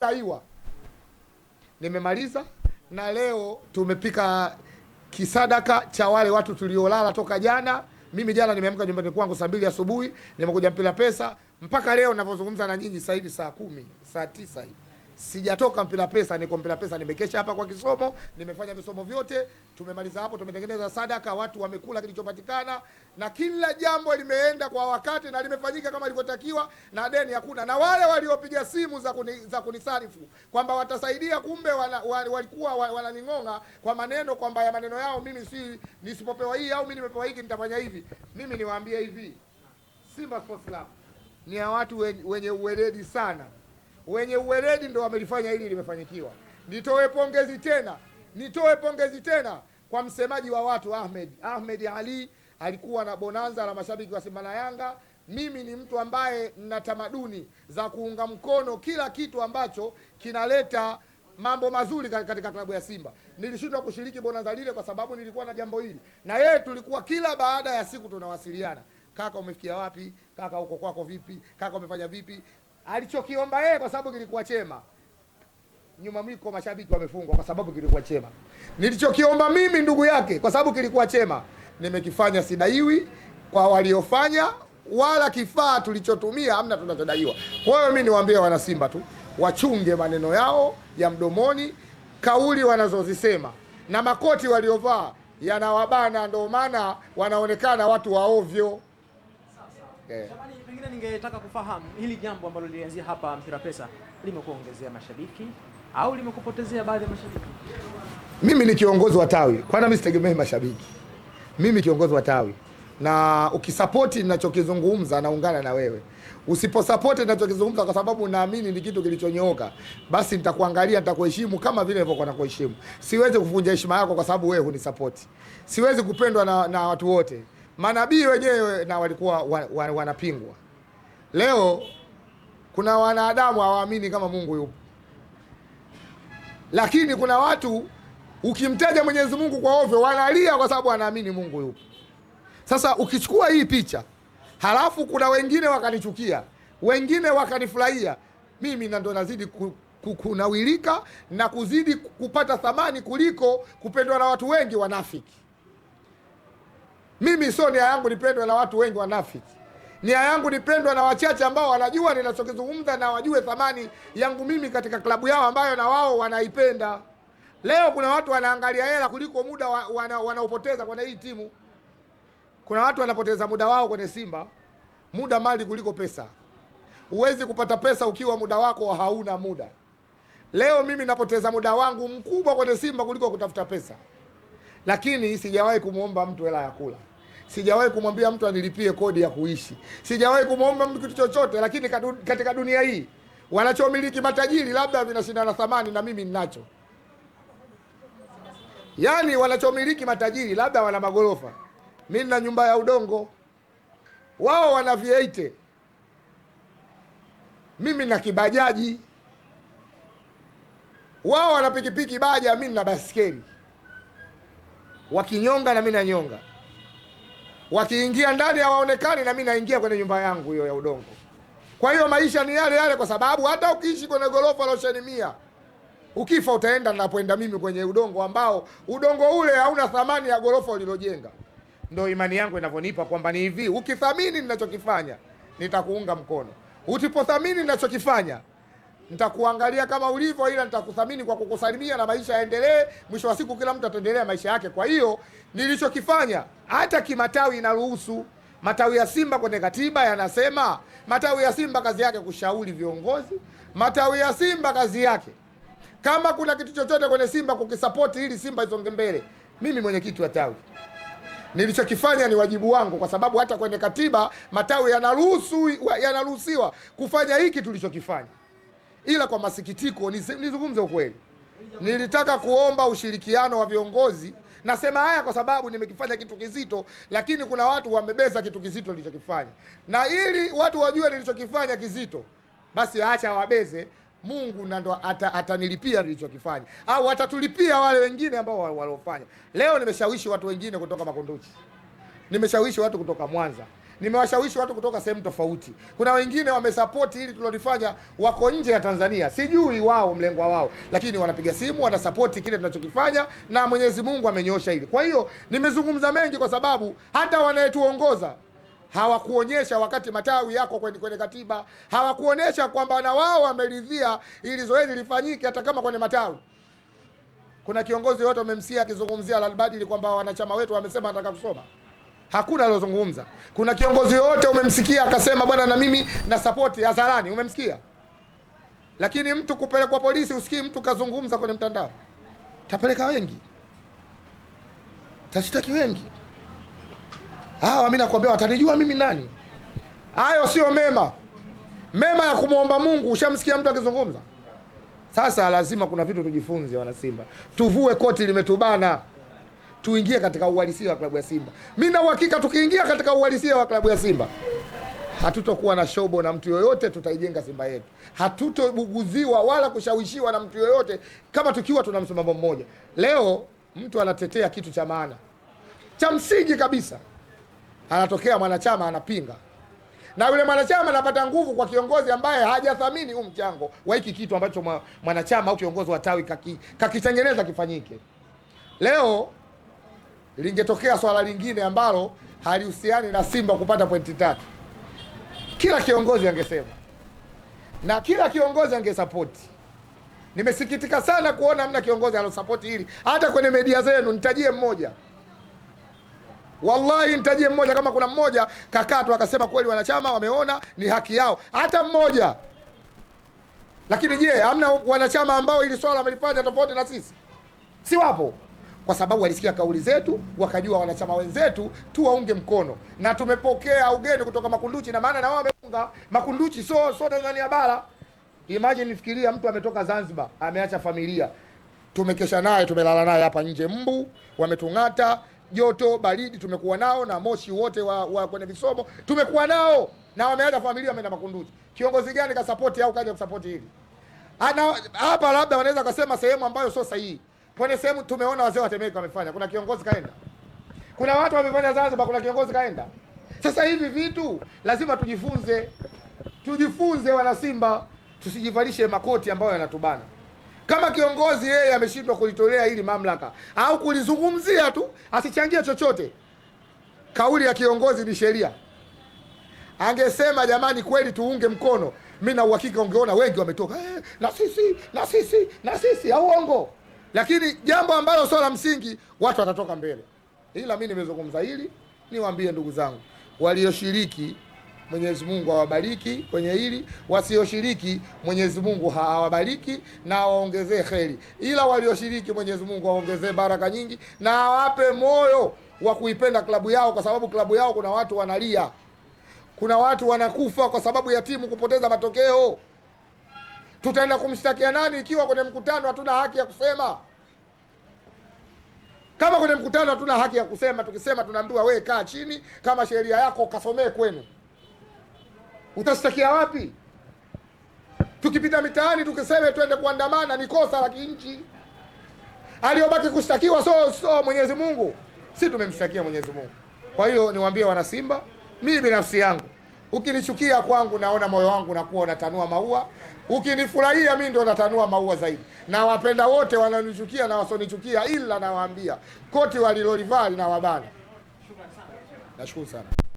Taiwa nimemaliza na leo tumepika kisadaka cha wale watu tuliolala toka jana. Mimi jana nimeamka nyumbani kwangu saa mbili asubuhi, nimekuja mpila pesa mpaka leo navyozungumza na nyinyi sasa hivi saa kumi, saa tisa hivi sijatoka Mpira Pesa, niko Mpira Pesa, nimekesha hapa kwa kisomo, nimefanya visomo vyote. Tumemaliza hapo, tumetengeneza sadaka, watu wamekula kilichopatikana, na kila jambo limeenda kwa wakati na limefanyika kama ilivyotakiwa, na deni hakuna. Na wale waliopiga simu za kuni, za kunisarifu kwamba watasaidia, kumbe wana, walikuwa wananing'onga kwa maneno kwamba ya maneno yao, mimi si nisipopewa hii au mimi nimepewa hiki nitafanya hivi. Mimi niwaambie hivi, Simba Sports Club ni ya watu wenye uweledi sana wenye uweledi ndo wamelifanya hili limefanyikiwa. Nitoe pongezi tena, nitoe pongezi tena kwa msemaji wa watu Ahmed Ahmed Ali. Alikuwa na bonanza la mashabiki wa Simba na Yanga. Mimi ni mtu ambaye nina tamaduni za kuunga mkono kila kitu ambacho kinaleta mambo mazuri katika klabu ya Simba. Nilishindwa kushiriki bonanza lile kwa sababu nilikuwa na jambo hili, na yeye tulikuwa kila baada ya siku tunawasiliana, kaka, umefikia wapi? Kaka, uko kwako vipi? Kaka, umefanya vipi? alichokiomba yeye, kwa sababu kilikuwa chema. Nyuma mwiko mashabiki wamefungwa, kwa sababu kilikuwa chema. Nilichokiomba mimi ndugu yake, kwa sababu kilikuwa chema, nimekifanya sidaiwi kwa waliofanya, wala kifaa tulichotumia hamna tunachodaiwa. Kwa hiyo mimi niwaambie wana Simba tu wachunge maneno yao ya mdomoni, kauli wanazozisema na makoti waliovaa yanawabana, ndio maana wanaonekana watu waovyo eh. pengine ningetaka kufahamu hili jambo ambalo lilianzia hapa Mpira Pesa limekuongezea mashabiki au limekupotezea baadhi ya mashabiki? Mimi ni kiongozi wa tawi, kwana mimi sitegemei mashabiki. Mimi kiongozi wa tawi, na ukisapoti ninachokizungumza naungana na wewe, usiposapoti ninachokizungumza kwa sababu naamini ni kitu kilichonyooka, basi nitakuangalia, nitakuheshimu kama vile nilivyokuwa nakuheshimu. Siwezi kuvunja heshima yako kwa sababu wewe hunisapoti. Siwezi kupendwa na, na watu wote manabii wenyewe na walikuwa wanapingwa. Leo kuna wanadamu hawaamini kama Mungu yupo, lakini kuna watu ukimtaja Mwenyezi Mungu kwa ovyo wanalia kwa sababu wanaamini Mungu yupo. Sasa ukichukua hii picha halafu kuna wengine wakanichukia, wengine wakanifurahia, mimi ndo nazidi ku, kunawilika na kuzidi kupata thamani kuliko kupendwa na watu wengi wanafiki. Mimi sio nia yangu nipendwe na watu wengi wanafiki, nia yangu nipendwa na wachache ambao wanajua ninachokizungumza na wajue thamani yangu mimi katika klabu yao ambayo na wao wanaipenda. Leo kuna watu wanaangalia hela kuliko muda wanaopoteza kwenye hii timu. Kuna watu wanapoteza muda wao kwenye Simba, muda mali kuliko pesa. Huwezi kupata pesa ukiwa muda wako hauna muda. Leo mimi napoteza muda wangu mkubwa kwenye Simba kuliko kutafuta pesa, lakini sijawahi kumwomba mtu hela ya kula. Sijawahi kumwambia mtu anilipie kodi ya kuishi, sijawahi kumwomba mtu kitu chochote, lakini katika dunia hii wanachomiliki matajiri labda vinashindana thamani na mimi ninacho. Yaani wanachomiliki matajiri labda wana magorofa, mimi nina nyumba ya udongo, wao wana vieite mimi na kibajaji, wao wana pikipiki baja, mimi na baskeli, wakinyonga na mimi nanyonga wakiingia ndani hawaonekani, na mimi naingia kwenye nyumba yangu hiyo ya udongo. Kwa hiyo maisha ni yale yale, kwa sababu hata ukiishi kwenye gorofa rosheni mia, ukifa utaenda napoenda mimi, kwenye udongo ambao udongo ule hauna thamani ya gorofa ulilojenga. Ndo imani yangu inavyonipa kwamba ni hivi, ukithamini ninachokifanya nitakuunga mkono, utipothamini ninachokifanya nitakuangalia kama ulivyo, ila nitakuthamini kwa kukusalimia na maisha yaendelee. Mwisho wa siku kila mtu ataendelea maisha yake. Kwa hiyo nilichokifanya hata kimatawi inaruhusu matawi ya Simba kwenye katiba yanasema, matawi ya Simba kazi yake kushauri viongozi. Matawi ya Simba kazi yake kama kuna kitu chochote kwenye Simba kukisapoti ili Simba isonge mbele. Mimi mwenyekiti wa tawi, nilichokifanya ni wajibu wangu, kwa sababu hata kwenye katiba matawi yanaruhusu yanaruhusiwa kufanya hiki tulichokifanya ila kwa masikitiko, nizungumze ukweli, nilitaka kuomba ushirikiano wa viongozi. Nasema haya kwa sababu nimekifanya kitu kizito, lakini kuna watu wamebeza kitu kizito nilichokifanya, na ili watu wajue nilichokifanya kizito, basi acha wabeze. Mungu na ndo atanilipia ata nilichokifanya, au atatulipia wale wengine ambao waliofanya. Leo nimeshawishi watu wengine kutoka Makunduchi, nimeshawishi watu kutoka Mwanza nimewashawishi watu kutoka sehemu tofauti. Kuna wengine wamesapoti hili tulolifanya, wako nje ya Tanzania, sijui wao mlengwa wao, lakini wanapiga simu, wanasapoti kile tunachokifanya, na Mwenyezi Mungu amenyoosha hili. Kwa hiyo nimezungumza mengi, kwa sababu hata wanayetuongoza hawakuonyesha wakati matawi yako kwenye, kwenye katiba hawakuonyesha kwamba na wao wameridhia ili zoezi lifanyike, hata kama kwenye matawi kuna kiongozi yote umemsikia akizungumzia lalbadili kwamba wanachama wetu wamesema anataka kusoma hakuna alozungumza. Kuna kiongozi yoyote umemsikia akasema bwana na mimi na sapoti hadharani? Umemsikia? Lakini mtu kupelekwa polisi, usikii mtu kazungumza kwenye mtandao. Tapeleka wengi, tashitaki wengi. Hawa Mimi nakwambia watanijua mimi nani. Hayo sio mema. Mema ya kumwomba Mungu, ushamsikia mtu akizungumza. Sasa lazima kuna vitu tujifunze, wanasimba, tuvue koti limetubana tuingie katika uhalisia wa klabu ya Simba. Mimi na uhakika tukiingia katika uhalisia wa klabu ya Simba hatutokuwa na shobo na mtu yoyote, tutaijenga Simba yetu. Hatutobuguziwa wala kushawishiwa na mtu yoyote, kama tukiwa tuna msimamo mmoja. Leo mtu anatetea kitu cha maana cha msingi kabisa, anatokea mwanachama anapinga, na yule mwanachama anapata nguvu kwa kiongozi ambaye hajathamini huu mchango wa hiki kitu ambacho mwanachama au kiongozi wa tawi kakitengeneza kifanyike leo lingetokea swala lingine ambalo halihusiani na Simba kupata pointi tatu, kila kiongozi angesema na kila kiongozi angesapoti. Nimesikitika sana kuona hamna kiongozi alosapoti hili, hata kwenye media zenu. Nitajie mmoja, wallahi nitajie mmoja, kama kuna mmoja kakaa tu akasema kweli wanachama wameona ni haki yao, hata mmoja. Lakini je, hamna wanachama ambao ili swala wamelipata tofauti na sisi? Si wapo? kwa sababu walisikia kauli zetu, wakajua wanachama wenzetu tuwaunge mkono, na tumepokea ugeni kutoka Makunduchi na maana na wao wameunga Makunduchi, so so Tanzania bara. Imagine, fikiria mtu ametoka Zanzibar, ameacha familia, tumekesha naye, tumelala naye hapa nje, mbu wametung'ata, joto baridi tumekuwa nao, na moshi wote wa, wa kwenye visomo tumekuwa nao, na wameacha familia, wameenda Makunduchi. Kiongozi gani kasapoti au kaja kusapoti hili? Hapa labda wanaweza kusema sehemu ambayo sio sahihi kwenye sehemu tumeona wazee wa Temeke wamefanya, kuna kiongozi kaenda, kuna watu wamefanya Zanzibar, kuna kiongozi kaenda. Sasa hivi vitu lazima tujifunze, tujifunze wana Simba, tusijivalishe makoti ambayo yanatubana. Kama kiongozi yeye ameshindwa kulitolea hili mamlaka au kulizungumzia tu, asichangie chochote. Kauli ya kiongozi ni sheria. Angesema jamani, kweli tuunge mkono, mimi na uhakika ungeona wengi wametoka eh, na sisi na sisi na sisi, au uongo lakini jambo ambalo sio la msingi, watu watatoka mbele. Ila mimi nimezungumza hili, niwaambie ndugu zangu walioshiriki Mwenyezi Mungu awabariki kwenye hili, wasioshiriki Mwenyezi Mungu hawabariki na awaongezee kheri, ila walioshiriki Mwenyezi Mungu awaongezee baraka nyingi na awape moyo wa kuipenda klabu yao, kwa sababu klabu yao kuna watu wanalia, kuna watu wanakufa kwa sababu ya timu kupoteza matokeo. Tutaenda kumshtakia nani ikiwa kwenye mkutano hatuna haki ya kusema? Kama kwenye mkutano hatuna haki ya kusema, tukisema tunaambiwa wewe kaa chini, kama sheria yako kasomee kwenu, utashtakia wapi? Tukipita mitaani tukiseme twende kuandamana, ni kosa la kinchi. Aliyobaki kushtakiwa so so Mwenyezi Mungu, si tumemshtakia Mwenyezi Mungu. Kwa hiyo niwaambie wana Simba, mimi binafsi yangu Ukinichukia kwangu, naona moyo wangu nakuwa unatanua maua. Ukinifurahia mimi ndo natanua maua zaidi. Na wapenda wote wanaonichukia na wasonichukia, ila nawaambia koti walilolivaa linawabana. Nashukuru sana.